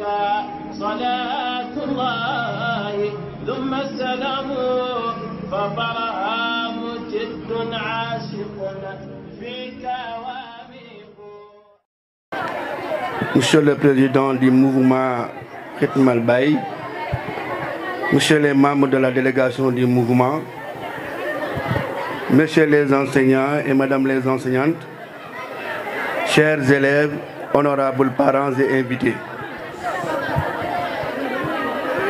عليك صلاة الله ثم le Président du mouvement Ritmal Monsieur les membres de la délégation du les enseignants et Madame les enseignantes, chers élèves, honorables parents et invités.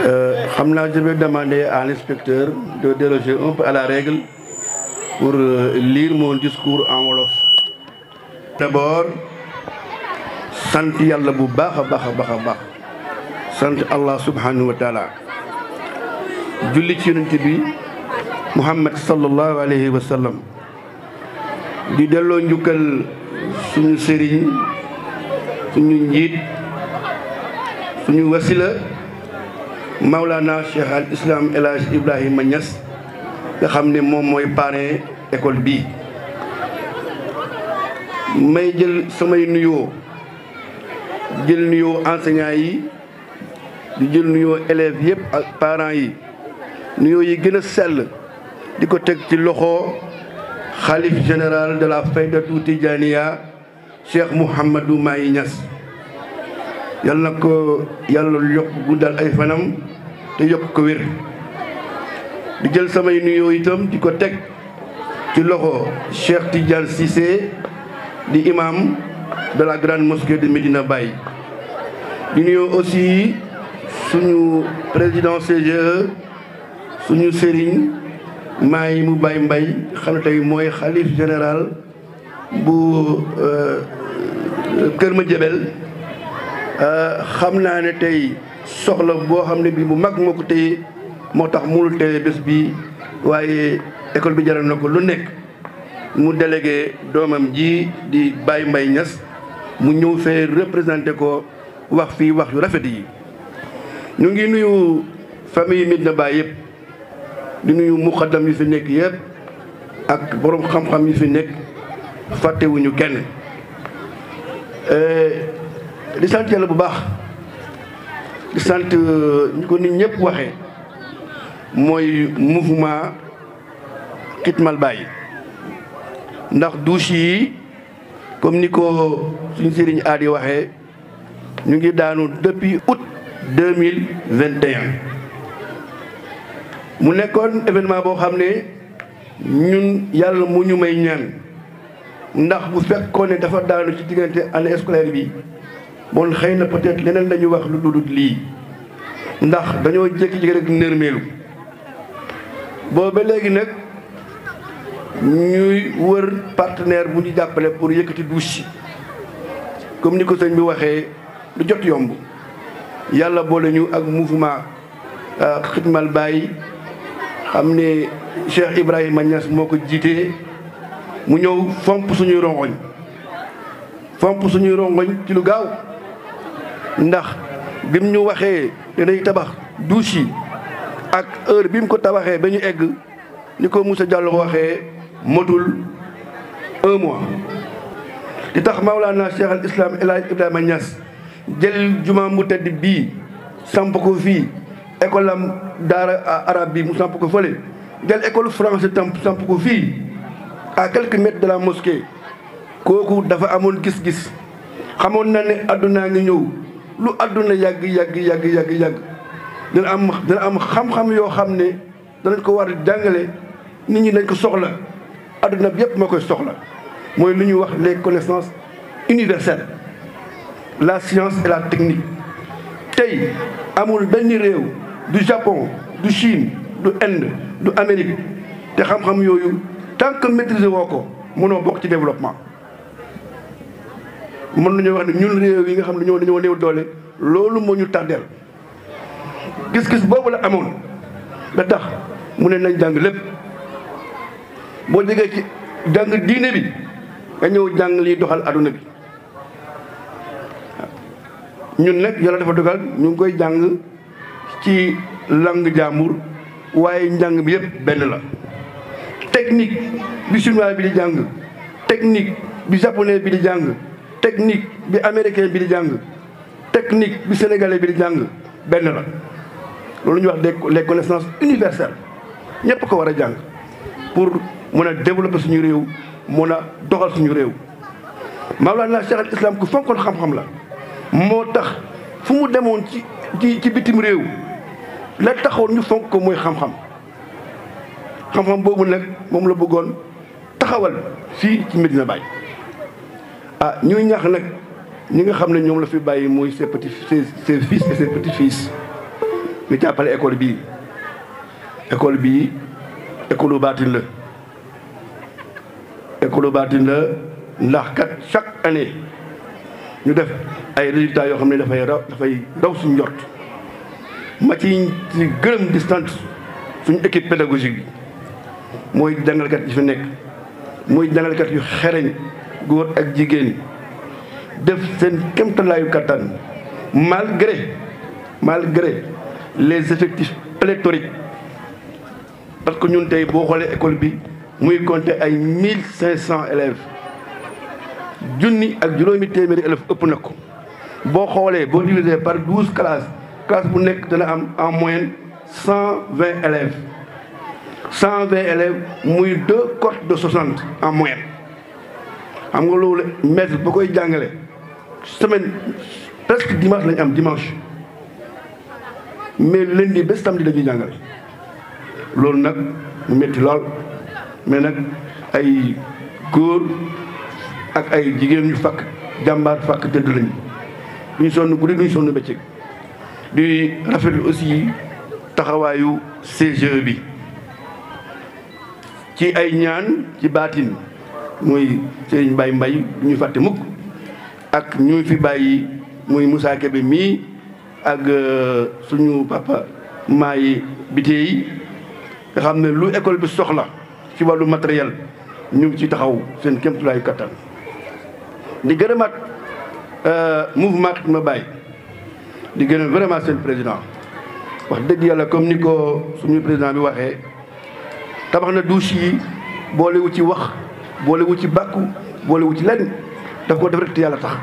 Euh, xam naa je vais demander à l'inspecteur de déroger un peu à la règle pour euh, lire mon discours en wolof. d'abord sant yàlla bu baax a baax a baax a baax sant allah subhanahu wa taala julli ci yonent bi muhammad sallallahu alayhi wa di delloo njukkal suñu sëriñ suñu njiit suñu wasila Maulana Cheikh al Islam El Hadj Ibrahima Niass nga xam ne moom mooy parrain école bii may jël samay nuyoo jël nuyoo enseignants yi di jël nuyoo élèves yëpp ak parents yi nuyoo yi gën a sell di ko teg ci loxo xalif général de la Faydatou Tidiania Cheikh Mouhamadou Mahi Niass yàlla na ko yàlla yokk dal ay fanam te yokk ko wér di jël samay nuyoo itam di ko teg ci loxo Cheikh Tidiane Cissé di imam de la grande mosquée de Medina Baye di nuyoo aussi suñu président CGE suñu sëriñ maay mu bay mbay xam mooy xalif général bu euh, Kër Madiabel xam naa ne tey soxla boo xam ne bi mu mag moo ko moo tax mënul teewee bés bi waaye école bi jaral na ko lu nekk mu délégué doomam ji di Baye Mbaye ñas mu ñëw fee représenté ko wax fii wax yu rafet yi ñu ngi nuyu famille Medina Baye yëpp di nuyu muqaddam yi fi nekk yëpp ak boroom xam-xam yi fi nekk fàttewuñu kenn eh, di sant yàlla bu baax di sant ñu euh, ko nit ñëpp waxee mooy mouvement Xitmal Baye ndax douche yi comme ni ko suñu sëriñ aadi waxee ñu ngi daanu depuis août deux mille vingt et mu nekkoon événement boo xam ne ñun yàlla mu ñu may ñaan ndax bu fekkoon ne dafa daanu ci diggante année scolaire bi bon xëy na peut leneen lañu wax lu dul lii ndax dañoo jékki-jékki rek nërmeelu booba léegi nag ñuy wër partenaire bu ñu jàppale pour yëkkati douche comme ni ko sëñ bi waxee lu jot yomb yàlla boole ñu ak mouvement xidmal euh, bàyyi xam ni ne Cheikh Ibrahima Niass moo ko jiitee mu ñëw fomp suñuy rongoñ fomp suñuy rongoñ ci lu gaaw ndax bi mu ñu waxee dinañ tabax douche yi ak heure bi mu ko tabaxee ba ñu egg ñu ko Moussa Diallo waxee motul un mois di tax Maolana Cheikh al Islam El Hadj Ibrahima jël jumaa mu tedd bii samp ko fii école am daara arabe bi mu samp ko fële jël école français tam samp ko fii à quelques mètres de la mosquée kooku dafa amul gis-gis xamoon na ne àdduna ngi ñëw lu àdduna yàgg yàgg yàgg yàgg yàgg dana am dana am xam-xam yoo xam ne danañ ko war jàngale nit ñi dañ ko soxla àdduna bi yëpp moo koy soxla mooy lu ñuy wax les connaissances universelles la science et la technique tey amul benn réew du Japon du Chine du Inde du Amérique te xam-xam yooyu tant que maîtriser woo ko mënoo bokk ci développement mën nañu wax ne ñun réew yi nga xam ne ñoo dañoo néew doole loolu moo ñu tardeel gis-gis boobu la amoon la tax mu ne nañ jàng lépp boo jógee ci jàng diine bi nga ñëw jàng liy doxal aduna bi ñun nag yàlla dafa dogal ñu ngi koy jàng ci langue jàmbur waaye njàng bi yëpp benn la technique bi chinois bi di jàng technique bi japonais bi di jàng technique bi américain bi di jàng technique bi sénégalais bi di jàng benn la loolu ñuy wax des les connaissances universelles ñëpp ko war a jàng pour mën a développer suñu réew mun a doxal suñu réew Mawlana Cheikh al Islam ku fonkoon xam-xam la moo tax fu mu demoon ci ci ci bitim réew la taxoon ñu fonk ko mooy xam-xam xam-xam boobu nag moom la bëggoon taxawal fii ci Medina Baye ah ñuy ñax nag ñi nga xam ne ñoom la fi bàyyi muy ses petits ses fils et ses petits fils ñu jàppale école bii école bii école baatin la école baatin la ndaxkat kat chaque année ñu def ay résultats yoo xam ne dafay raw dafay daw suñ njort ma ci ci gërëm di sant suñu équipe pédagogique bi mooy jàngalkat yi fi nekk muy jàngalkat yu xereñ góor ak jigéen def seen kéemtalaayu kattan malgré malgré les effectifs pléthoriques parce que ñun tey boo xoolee école bi muy compter ay mille cinq cent élèves junni ak juróomi téeméeri élèves ëpp na ko boo xoolee boo divisé par douze classes classe bu nekk dana am en moyen cent vingt élèves cent vingt élèves muy deux cotes de soixante en moyenne xam nga loolu maître boo koy jàngale semaine presque dimanche lañu am dimanche mais lundi ba samedi dañuy jàngale loolu nag métti lool mais nag ay góor ak ay jigéen ñu fakk jàmbaar fakk tëdd lañu duñu sonn guddi duñu sonn ba bëccëg di rafetlu aussi taxawaayu CGE bi ci ay ñaan ci baatin muy Serigne mbay Mbaye ñu fàtte mukk ak ñu fi bàyyi muy Moussa Kébé mii ak euh, suñu papa yi bité yi nga xam ne lu école bi soxla ci wàllu matériel ñu ngi ci taxaw seen kéemtulaayu kattan di gërëmaat euh, mouvement Xidma Baye di gërëm vraiment seen président wax dëgg yàlla comme ni ko suñu président bi waxee tabax na douche yi boolewu ci wax boolewu ci bàkku boolewu ci lenn daf ko def rek te yàlla tax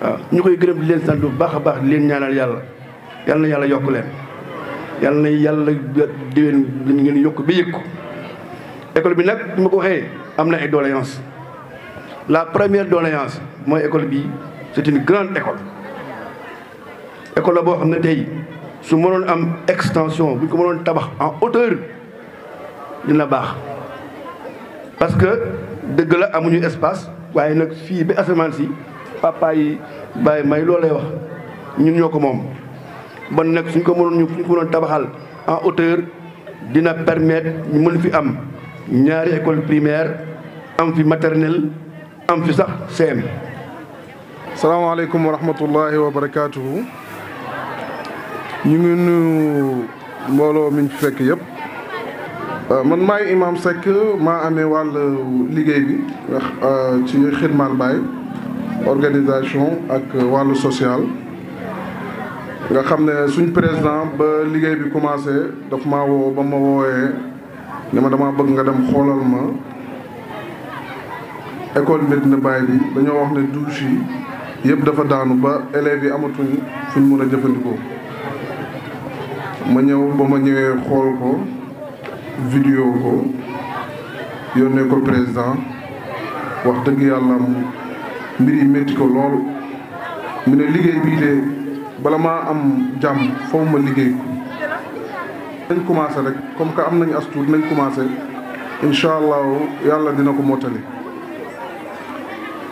waaw ñu koy gërëm di leen sant bu baax a baax di leen ñaanal yàlla yàlla na yàlla yokk leen yal na yàlla déwén ngeen yokk ba yëg ko école bi nag mu ko waxee am na ay doléance la première doléance mooy école bi c'est une grande école école la boo xam na tey su mënoon am extension bu ñu ko mënoon tabax en hauteur dina baax parce que dëgg la amuñu espace waaye nag fii bi asamaan si papa yi may loolu lay wax ñun ñoo ko moom. bon nag suñ ko mënoon ñu suñ ko mënoon tabaxal en hauteur dina permettre ñu mën fi am ñaari école primaire am fi maternelle am fi sax CM. salaamaaleykum wa rahmatullahi wa barakaatuhu. ñu ngi nuyu mbooloo mi fi fekk yëpp. Euh, man maay Imam Seck maa amee wàll liggéey bi euh, ci Xidmal Baay organisation ak wàllu social nga xam ne suñ président ba liggéey bi commencé daf maa woo ba ma woowee ne ma dama bëgg nga dem xoolal ma école Medina Baye bi dañoo wax ne douche yi yëpp dafa daanu ba élèves yi amatuñ fuñ mun a jëfandikoo ma ñëw ba ma ñëwee xool ko vidéo ko yónnee ko président wax dëgg yàlla mbir yi métti ko lool mu ne liggéey bii de bala maa am jàmm foofu ma liggéey ko nañ commencé rek comme que am nañu as tuut nañ commencé incha allahu yàlla dina ko mottali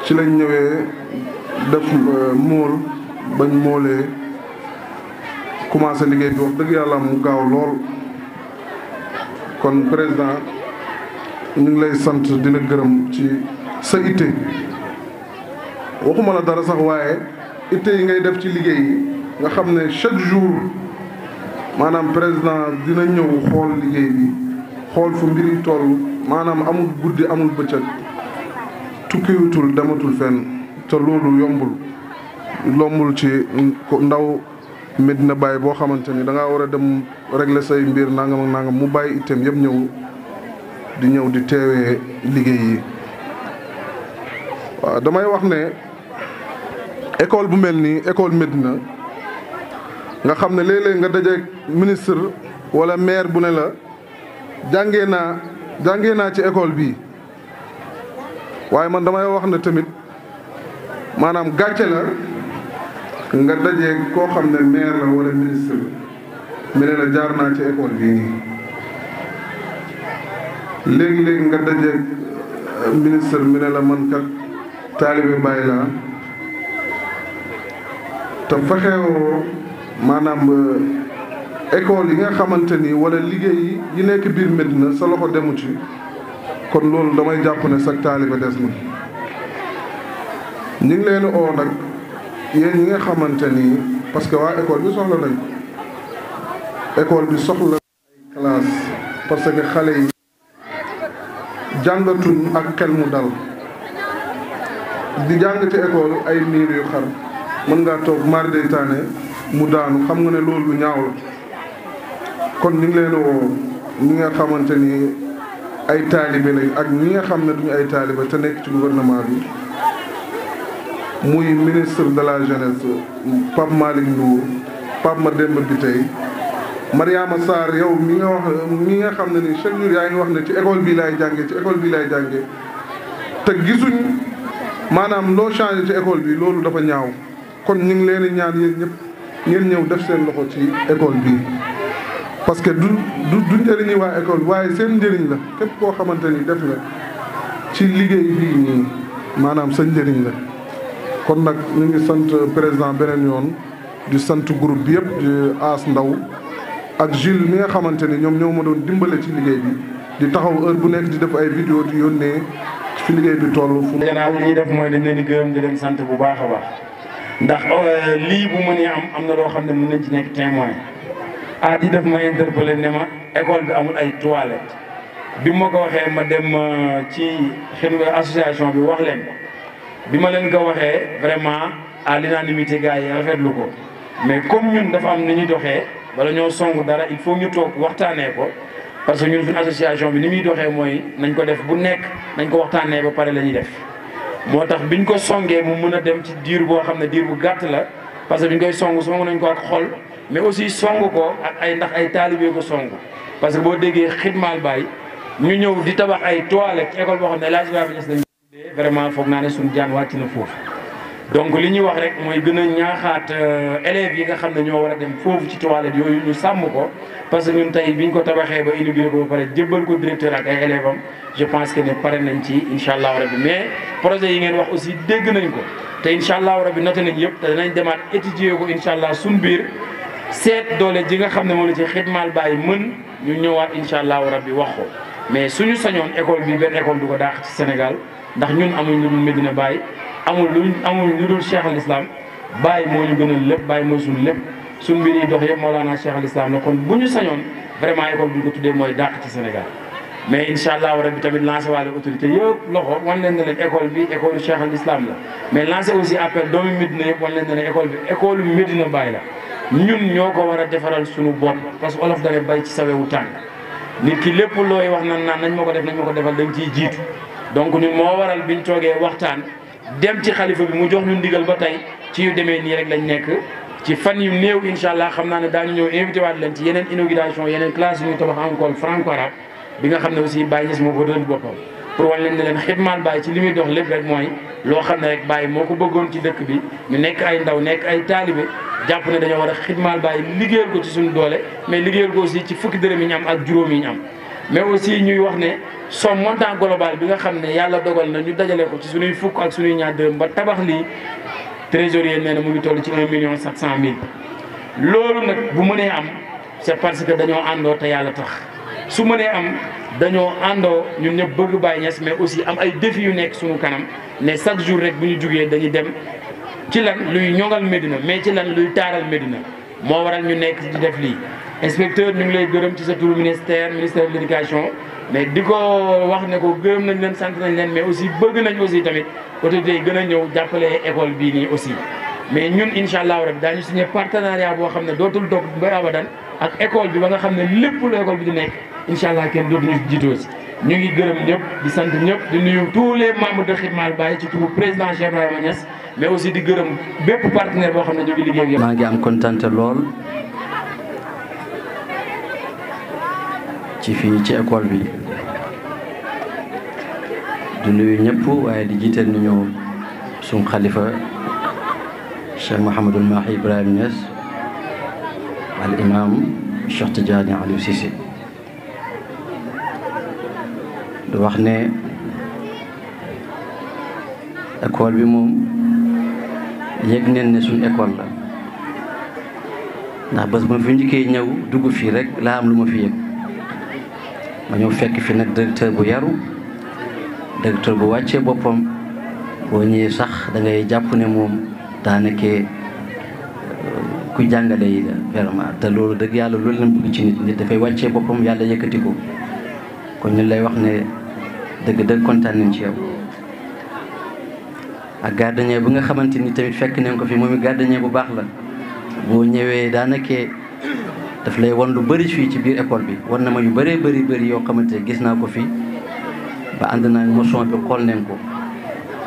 ci lañ ñëwee def euh, mool bañ moolee commencé liggéey bi wax dëgg yàlla mu gaaw lool kon président ñu ngi lay sant di la gërëm ci sa itte waxuma la dara sax waaye itte yi ngay def ci liggéey nga xam ne chaque jour maanaam président dina ñëw xool liggéey xool fu mbir yi toll maanaam amul guddi amul bëccëg tukkiwutul dematul fenn te loolu yombul lombul ci ndaw Medina Baye boo xamante ni da ngaa war a dem. régler say mbir nangam ak nangam mu bàyyi itam yëpp ñëw di ñëw di teewee liggéey yi waaw damay wax ne école bu mel nii école na nga xam ne léeg-léeg nga dajeeg ministre wala maire bu ne la jàngee naa jàngee naa ci école bi waaye man damay wax ne tamit maanaam gàcce la nga dajeeg koo xam ne maire la wala ministre mi ne la jaar naa ci école bii léegi-léegi nga dajeeg euh, ministre mi ne la man kat taalibe bàyyi laa te fexeewoo maanaam euh, école yi nga xamante ni wala liggéey yi nekk biir Medina sa loxo demu ci kon loolu damay jàpp ne sa taalibe des na ñu leen oo nag yéen ñi nga xamante ni parce que waa école bi soxla nañ école bi soxla ay classe parce que xale yi jàngatuñ ak xel mu dal di jàng ci école ay miir yu xar mën ngaa toog mari day taane mu daanu xam nga ne loolu ñaaw la kon ñu ngi leen woo ñi nga xamante ni ay taalibe lañ ak ñi nga xam ne duñu ay taalibe te nekk ci gouvernement bi muy ministre de la jeunesse Pape Malick Ndour Pape Mademba Bitèye Mariama Sarr yow mi nga wax mi nga xam ne ni chaque jour yaa ngi wax ne ci école bi laay jàngee ci école bi lay jàngee te gisuñ maanaam loo changé ci école bi loolu dafa ñaaw kon ñu ngi leen di ñaan yéen ñëpp ngeen ñëw def seen loxo ci école bi parce que du du du njëriñi waa école waaye seen njëriñ la képp koo xamante ni def nga ci liggéey bii maanaam sa njëriñ la kon nag ñu ngi sant président beneen yoon di sant groupe bi yëpp di aas ndaw ak Jules mi nga xamante ne ñoom ñoo ma doon dimbale ci liggéey bi di taxaw heure bu nekk di def ay vidéo di yónnee fi liggéey bi toll. fu gannaaw li ñuy def mooy dañ leen di gërëm di leen sant bu baax a baax ndax euh, lii bu am am na loo xam ne mën nañ ci nekk témoin ah di def ma interpellé ne ma école bi amul ay toilette bi ma ko waxee ma dem euh, ci xëy euh, association bi wax leen bi ma leen ko waxee vraiment à l'unanimité gars yi rafetlu ko mais comme ñun dafa am ni ñuy doxee. bala ñoo song dara il faut ñu toog waxtaanee ko parce que ñun suñu association bi ni muy doxee mooy nañ ko def bu nekk nañ ko waxtaanee ba pare la ñuy def. moo tax biñ ko songee mu mun a dem ci diir boo xam ne diir bu gàtt la parce que biñ koy song song nañ ko ak xol mais aussi song ko ak ay ndax ay taalibe ko song parce que boo déggee xidmaal baay ñu ñëw di tabax ay toilettes école boo xam ne laaj bi lañ vraiment foog naa ne suñu jaan na foofu. donc li ñuy wax rek mooy gën a ñaaxaat euh, élèves yi nga xam ne ñoo war dem foofu ci toilette yooyu ñu sàmm ko parce que ñun tey biñ ko tabaxee ba inauguré ko ba pare ko directeur ak ay élèves am je pense que ne pare nañ ci incha allah rabi mais projet yi ngeen wax aussi dégg nañ ko te incha allah rabi noté nañ yëpp te danañ demaat étudier ko incha allah suñ biir seet doole ji nga xam ne moom la ci xidmaal bàyyi mën ñu ñëwaat incha allah rabi wax ko mais suñu sañoon école bi benn école du ko daax ci Sénégal ndax ñun amuñ lu Medina Baye amul lu amul lu dul cheikh al islam bàyyi moo ñu gënal lépp bàyyi mooy suñu lépp suñ mbir yi dox yëpp Mawlana Cheikh al Islam la kon bu ñu sañoon vraiment école bi ñu ko tuddee mooy dàq ci Sénégal mais incha allah rabbi tamit lancé waale autorité yëpp loxo wan leen ne leen école bi école Cheikh al Islam mais lancé aussi appel doomu Médina yëpp wan leen bi école Médina la ñun ñoo ko war a defaral suñu bopp parce que olof dane bay ci sawewu tàng nit ki lépp looy wax nan naan nañ ma ko def nañ ma ko defal dañ ciy jiitu donc ñun moo waral biñ toogee waxtaan dem ci xalifa bi mu jox ñu ndigal ba tey ci yu demee nii rek lañ nekk ci fan yu néew incha allah xam naa ne daañu ñëw invité waat leen ci yeneen inauguration yeneen classe yu ñuy tabax encore franco bi nga xam ne ussi Baye Niass moo ko doon boppam pour wan leen ne leen xidmaal Baye ci li muy dox lépp rek mooy loo xam ne rek Baye moo ko bëggoon ci dëkk bi ñu nekk ay ndaw nekk ay taalibe jàpp ne dañoo war a xidmaal Baye liggéeyal ko ci suñu doole mais liggéeyal ko aussi ci fukki dërëm yi ak juróom yi mais aussi ñuy wax ne somme montant global bi nga xam ne yàlla dogal na ñu dajale ko ci suñuy fukk ak suñuy ñaar dërëm ba tabax lii trésorier nee na mu ngi toll ci 1 million 700 mille. loolu nag bu mënee am c'est parce que dañoo àndoo te yàlla tax su mënee am dañoo àndoo ñun ñëpp bëgg Baye Niass mais aussi am ay défis yu nekk suñu kanam ne chaque jour rek bu ñu jugee dañuy dem ci lan luy ñoŋal Médina mais ci lan luy taaral Médina moo waral ñu nekk di def lii. inspecteur ñu ngi lay gërëm ci sa turu ministère ministère de l' mais di ko wax ne ko gërëm nañ leen sant nañ leen mais aussi bëgg nañ aussi tamit autorités gën a ñëw jàppale école bii nii aussi. mais ñun incha allah rabi daañu partenariat boo xam ne dootul toog ba abadan ak école bi ba nga xam ne lépp lu école bi di nekk incha allah kenn dootuñu jiitoo si ñu ngi gërëm ñëpp di sant ñëpp di nuyu tous les membres de Khidmal Baye ci turu président Cheikh Ibrahima Niass mais aussi di gërëm bépp partenaire boo xam ne ñu ngi liggéey ak maa ngi am kontaan lool. ci fii ci ekool bi du nuyu ñëpp waaye di jiital ni ñëw suñ xalifa Cheikh Mouhamadul Mahi Ibrahima Niass al imam Cheikh Tidiane Aliou Cissé du wax ne école bi moom yëg neen ne suñ école la ndax bés ma fi njëkkee ñëw dugg fii rek laa am lu ma fi yëg ma ñëw fekk fi nag directeur bu yaru directeur bu wàccee boppam boo ñëwee sax dangay ngay jàpp ne moom daanaka euh, kuy jàngale yi vraiment te loolu dëgg yàlla loolu lañ bëgg ci nit dafay wàccee boppam yàlla yëkkati ko kon ñu lay wax ne dëgg dëgg kontaan nañ ci yow. ak gardien bu nga xamante ni tamit fekk nañ ko fi moom i gardien bu baax la boo ñëwee daanaka. daf lay wan lu bari fii ci biir école bi war na ma yu bëree bari bëri yoo xamante ne gis naa ko fi ba ànd naa motion bi xool nañ ko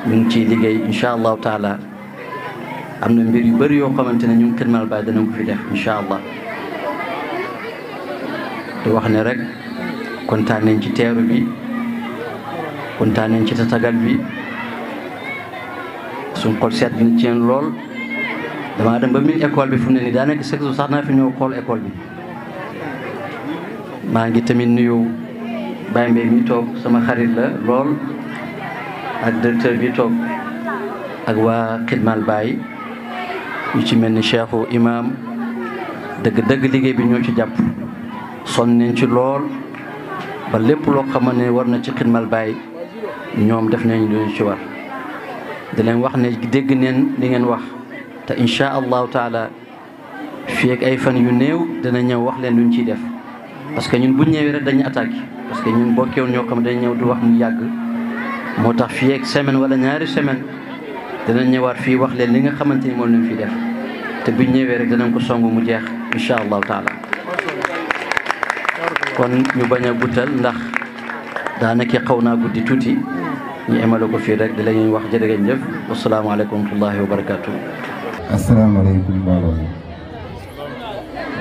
ñu ngi ciy liggéey incha allahu taala am na mbir yu bari yoo xamante ne ñu ngi Kër Baye danañ ko fi def incha allah di wax ne rek kontaan nañ ci teeru bi kontaan nañ ci tatagal bi suñ xol seet na ci lool. damaa dem ba min école bi fu ne nii daanaka chaque jour sax naa fi ñëw xool école bi maa ngi tamit nuyu Baye Mbaye mi toog sama xarit la lool ak directeur bi toog ak waa Xidmal Baye yu ci mel ni cheikhu imam dëgg-dëgg liggéey bi ñoo ci jàpp son nañ ci lool ba lépp loo xamante ne war na ci Xidmal Baye ñoom def nañ lu ñu ci war di leen wax ne dégg neen li ngeen wax te incha allahu taala fii ay fan yu néew dana ñëw wax leen luñ ciy def parce que ñun buñ ñëwee rek dañu attaqué parce que ñun bokkewoon ñoo xam dañ ñëw du wax mu yàgg moo tax fii ak semaine wala ñaari semaine dana ñëwaat fii wax leen li nga xamante ni moom lañ fi def te buñ ñëwee rek danañ ko song mu jeex incha allahu taala kon ñu bañ a guttal ndax daanaka xaw naa guddi tuuti ñu emale ko fii rek di la ñuy wax jërëjëf wasalaamaaleykum wa rahmatullahi wa barakaatu. asalaamaaleykum mbooloo mi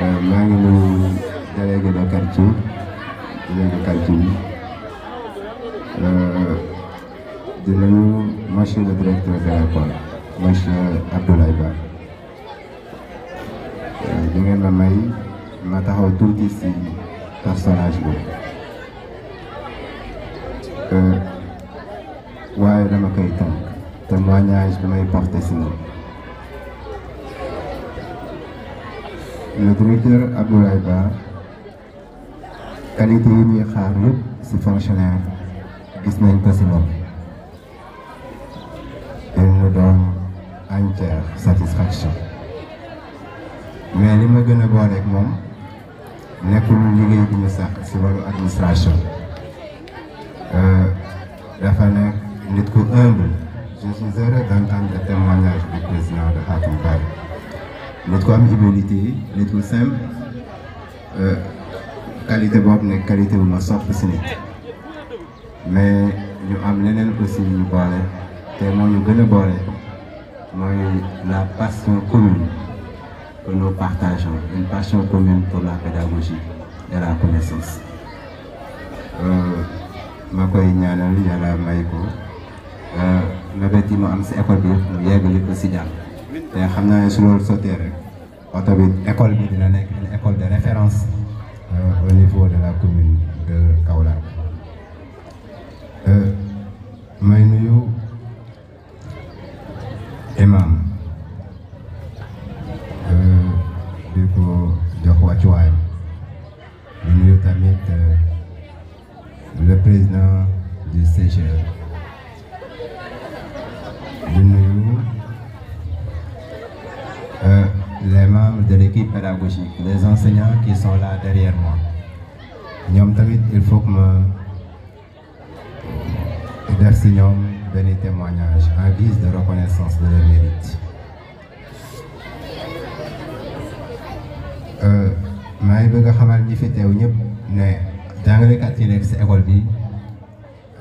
euh, maa ngi nuyu délégué de quartier délégué quartier bi euh, di nuyu monsieur le directeur de l'école monsieur Abdoulaye Ba euh, di ngeen ma may ma taxaw tuuti si personnage boobu waaye dama koy tànk témoignage bi may si moom le directeur Abdoulaye Ba qualité yi ñuy xaar yëpp ci fonctionnaire gis nañ ko ci moom il nous donne satisfaction mais li ma gën a booleeg moom nekkul liggéey bi ñu sax ci wàllu administration euh, dafa nekk nit ku humble je a heureux d'entendre témoignage du président de Khadim notre am humilité nit ku simple euh, qualité boobu nekk qualité bu ma sopp si nit mais ñu am leneen aussi ñu boole te moo ñu gën a boole mooy la passion commune que nous partageons une passion commune pour la pédagogie et la connaissance euh, ma koy ñaanal yàlla may ko euh, mébét yi mu am si école bi mu yeggali ko si jàmm te xam naa ne su loolu rek oto bi école bi dina nekk une école de référence euh, au niveau de la commune de Kaolack. Euh, foog ma def si ñoom benn témoignage en de reconnaissance de leur mérite euh, maa ngi bëgg a xamal ñi fi teew ñëpp ne jàngalekat yi nekk si école bi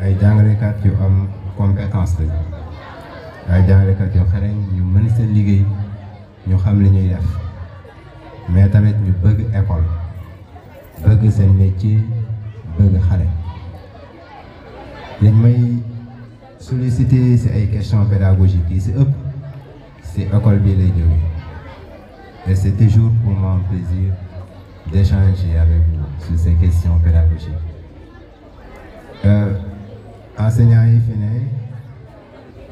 ay jàngalekat yu am compétence lañu ay jàngalekat yu xarañ ñu mën seen liggéey ñu xam li ñuy def mais tamit ñu bëgg école bëgg seen métier bëgg xale liñ si ay questions pédagogiques yi si ëpp si école bi lay jógee et c'est toujours pour moi un plaisir d'échanger avec vous sur ces questions pédagogiques euh, enseignants yi fi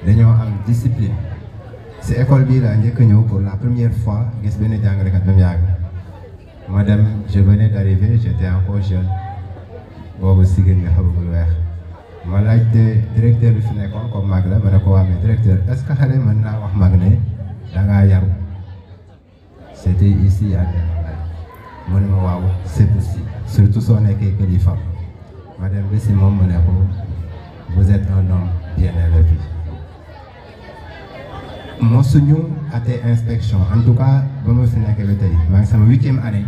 dañoo am discipline si école bi la njëkk ñëw pour la première fois gis benn jàngalekat ba mu yàgg ma dem je venais d'arriver j'étais encore jeune boobu sigén nga xamagul weex ma laajte directeur bi fi nekkoon comme mag la ma ne ko waa mais directeur est-ce que xale mën naa wax mag ne da ngaa yaru c'était ici à mu ne ma waaw c'est possible surtout soo nekkee kilifa ma dem bi si moom mu ne ko vous êtes un homme bien élevé mosuñu ate inspection en tout cas ba ma fi nekk ba tey maa ngi sama huitième année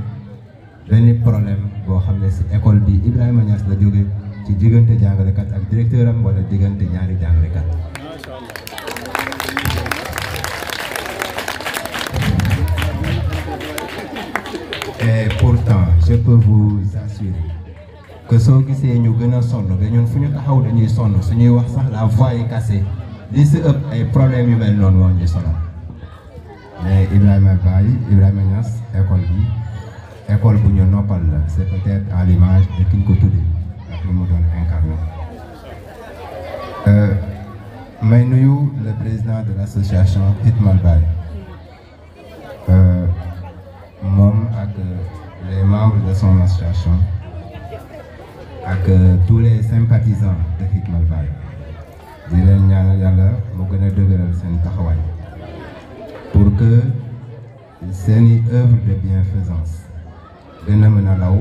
benn problème boo xam ne si école bi Ibrahima Niass la jóge ci diggante jàngalekat ak directeur am wala diggante ñaari jàngalekat et pourtant je peux vous assurer que soo gisee ñu gën a sonn ba ñun fu ñu taxaw dañuy sonn suñuy wax sax la voix est li si ëpp ay problème yu mel noonu moo ñuy sonal mais Ibrahima Baye Ibrahima Niass école bi. école bu ñu noppal la c'est peut-être à l'image de ki ñu ko tuddee ak mu doon incarné euh, may nuyu le président de l'association Hitman Baye euh, moom ak les membres de son association ak tous les sympathisants de Hitman Baye di leen ñaanal yàlla mu gën a dëgëral seen taxawaay pour que seeni œuvre de bienfaisance gën mën a law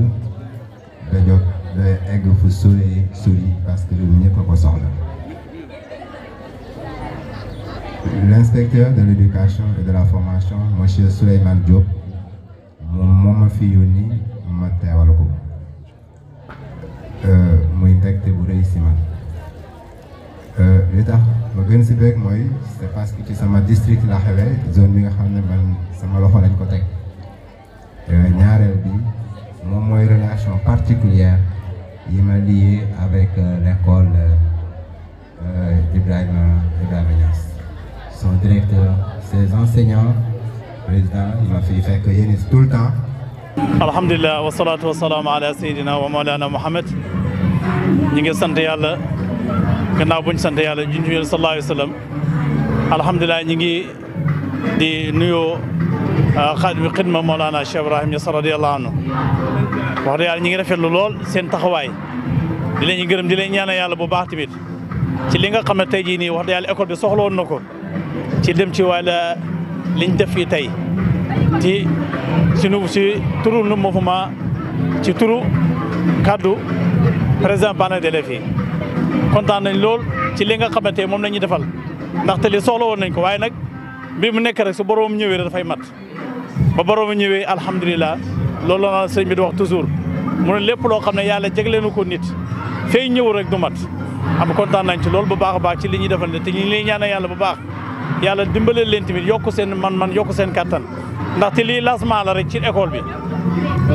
da jot da egg fu sori sori parce que loolu ñëpp a ko soxla. l'inspecteur de l'éducation de la formation monsieur Souleymane Diop moom moo ma fi yónni ma teewal ko euh, muy mbégte bu rëy si man euh, li tax ma gën si beeg mooy c'est parce ci sama district la xewee zone bi nga xam ne man sama loxo lañ ko teg. Euh, ñaareel bi moom mooy relation particulière yi ma lié avec euh, l'école euh, Ibrahima Ibrahima Niass son directeur ses enseignants président yi ma fiy fekk yéen tout le temps alhamdulilah wasalaatu wasalaamu ala sayidina wa mawlana Muhammad ñi ngi sant yàlla gannaaw buñ sant yàlla junj yéen sallallahu alayhi wa sallam alhamdulilah ñi ngi di nuyoo xaadimi xidma Mawlana Cheikh Ibrahim Niass radiyallahu anhu wax yàlla ñu ngi rafetlu lool seen taxawaay di leen gërëm di leen ñaanal yàlla boo baax tamit ci li nga xam ne tey jii nii wax dëgg yàlla école bi soxla woon na ko ci dem ci wàlla liñ def fii tey ci sunu si turu nu mouvement ci turu kaddu président bana d'élèves kontaan nañ lool ci li nga xamante moom la ñuy defal ndaxte li soxla woon nañ ko waay nag mbir mu nekke rek su borom ñëwee dafay mat ba borom ñëwee alhamdulilah loolu la sëñ bi di wax toujours mu ne lépp loo xam ne yàlla jegleenu ko nit fey ñëw rek du mat am kontaan nañ ci loolu bu baax baax ci li ñuy defal ne te ñu ngi ñaanal yàlla bu baax yàlla dimbale leen tamit yokk seen man-man yokk seen kàttan ndaxte lii lancement la rek ci école bi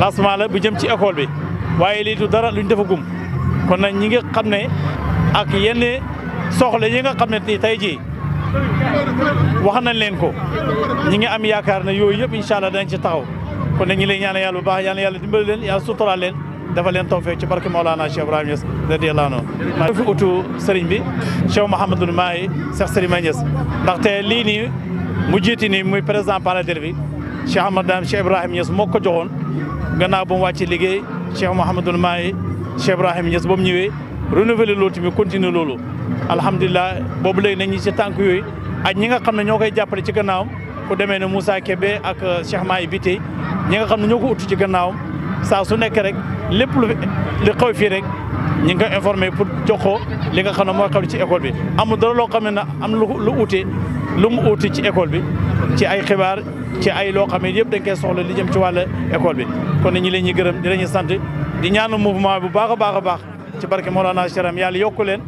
lancement la bu jëm ci école bi waaye lii du dara lu dafa defagum kon nag ñi nga xam ne ak yenn soxla yi nga xam ne tey jii wax nañ leen ko ñi ngi am yaakaar ne yooyu yëpp incha allah danañ ci taxaw kon nag ñi lay ñaanal yàlla bu baax yàlla yàlla dimbali leen yàlla suturaal leen dafa leen tawfeex ci barke Maolana Cheikh Ibrahima Niass radiyallahu anhu maa fi utu sëriñ bi Cheikh Mouhamadul Mahi Cheikh Sëriñ Niass ndaxte lii nii mu jiiti nii muy président Palantir bi Cheikh Ahmad Dam Cheikh moo ko joxoon gannaaw ba mu wàcce liggéey Cheikh Mouhamadul Mahi Cheikh Ibrahima Niass ba mu ñëwee renouveler loolu tamit continuer loolu alhamdulilah boobu léegi ñi ci tànk yooyu ak ñi nga xam ne ñoo koy jàppale ci gannaawam ku demee ne Moussa Kébé ak euh, Cheikh Mahi Biteye ñi nga xam ne ñoo ko ut ci gannaawam saa su nekk rek lépp lu li xaw fii rek ñi nga koy informé pour jox ko li nga xam ne mooy xew ci école bi. amul dara loo xam ne nag am lu lu uute lu mu uute ci école bi ci ay xibaar ci ay loo xam ne yëpp dañ koy soxla li jëm ci wàllu école bi kon nag ñu leen ñuy gërëm di leen sant di ñaanu mouvement bu baax a baax a baax ci barke Mawlana Cheikh Ibrahim yàlla yokku leen.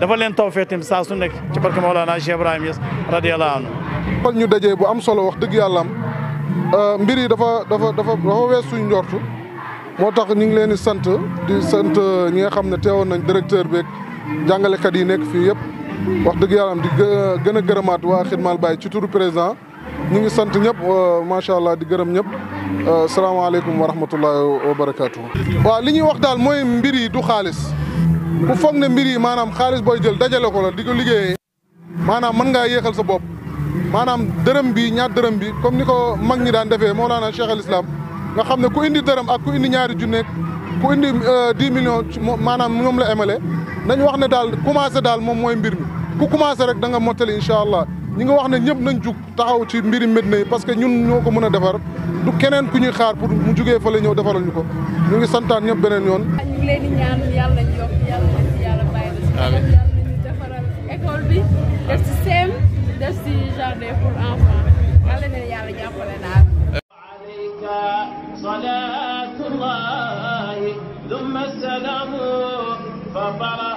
dafa leen tawfeex tamit saa su nekk ci barke Mawlana Cheikh Ibrahima Niass radiyallahu anhu kon ñu dajee bu am solo wax dëgg yàlla am euh, mbir yi dafa dafa dafa dafa wees suñ njortu moo tax ñu ngi leen di sant di sant euh, ñi nga xam ne teewoon nañ directeur beeg jàngalekat yi nekk fii yëpp wax dëgg yàlla am di gën a gërëmaat waa Xidmal Baye ci turu président ñu ngi sant ñëpp euh, macha allah di gërëm ñëpp salaamaaleykum wa rahmatullahi wa barakaatu. waaw li ñuy wax daal mooy mbir yi du xaalis. ku foog ne mbir yi maanaam xaalis booy jël dajale ko la di ko liggéeyee maanaam mën ngaa yéexal sa bopp maanaam dërëm bi ñaar dërëm bi comme ni ko mag ñi daan defee moo Mawlana Cheikh al Islam nga xam ne ku indi dërëm ak ku indi ñaari junneeg ku indi euh, dix millions maanaam ñoom la emale nañ wax ne daal commencé daal moom mooy mbir mi ku commencé rek danga nga mottali incha allah ñi nga wax ne ñëpp nañ jug taxaw ci mbiri Médina yi parce que ñun ñoo ko mën a defar du keneen ku ñuy xaar pour mu jugee fa ñëw defaral ñu ko ñu ngi santaan ñëpp beneen yoon ngi leen di ñaan yàlla ñu yokk yàlla leen ci yàlla bàyyi la si yàlla ñu defaral école bi def si CEM def si jardin pour enfant yàlla leen yàlla jàppale daal alayka salaatullahi thumma salaamu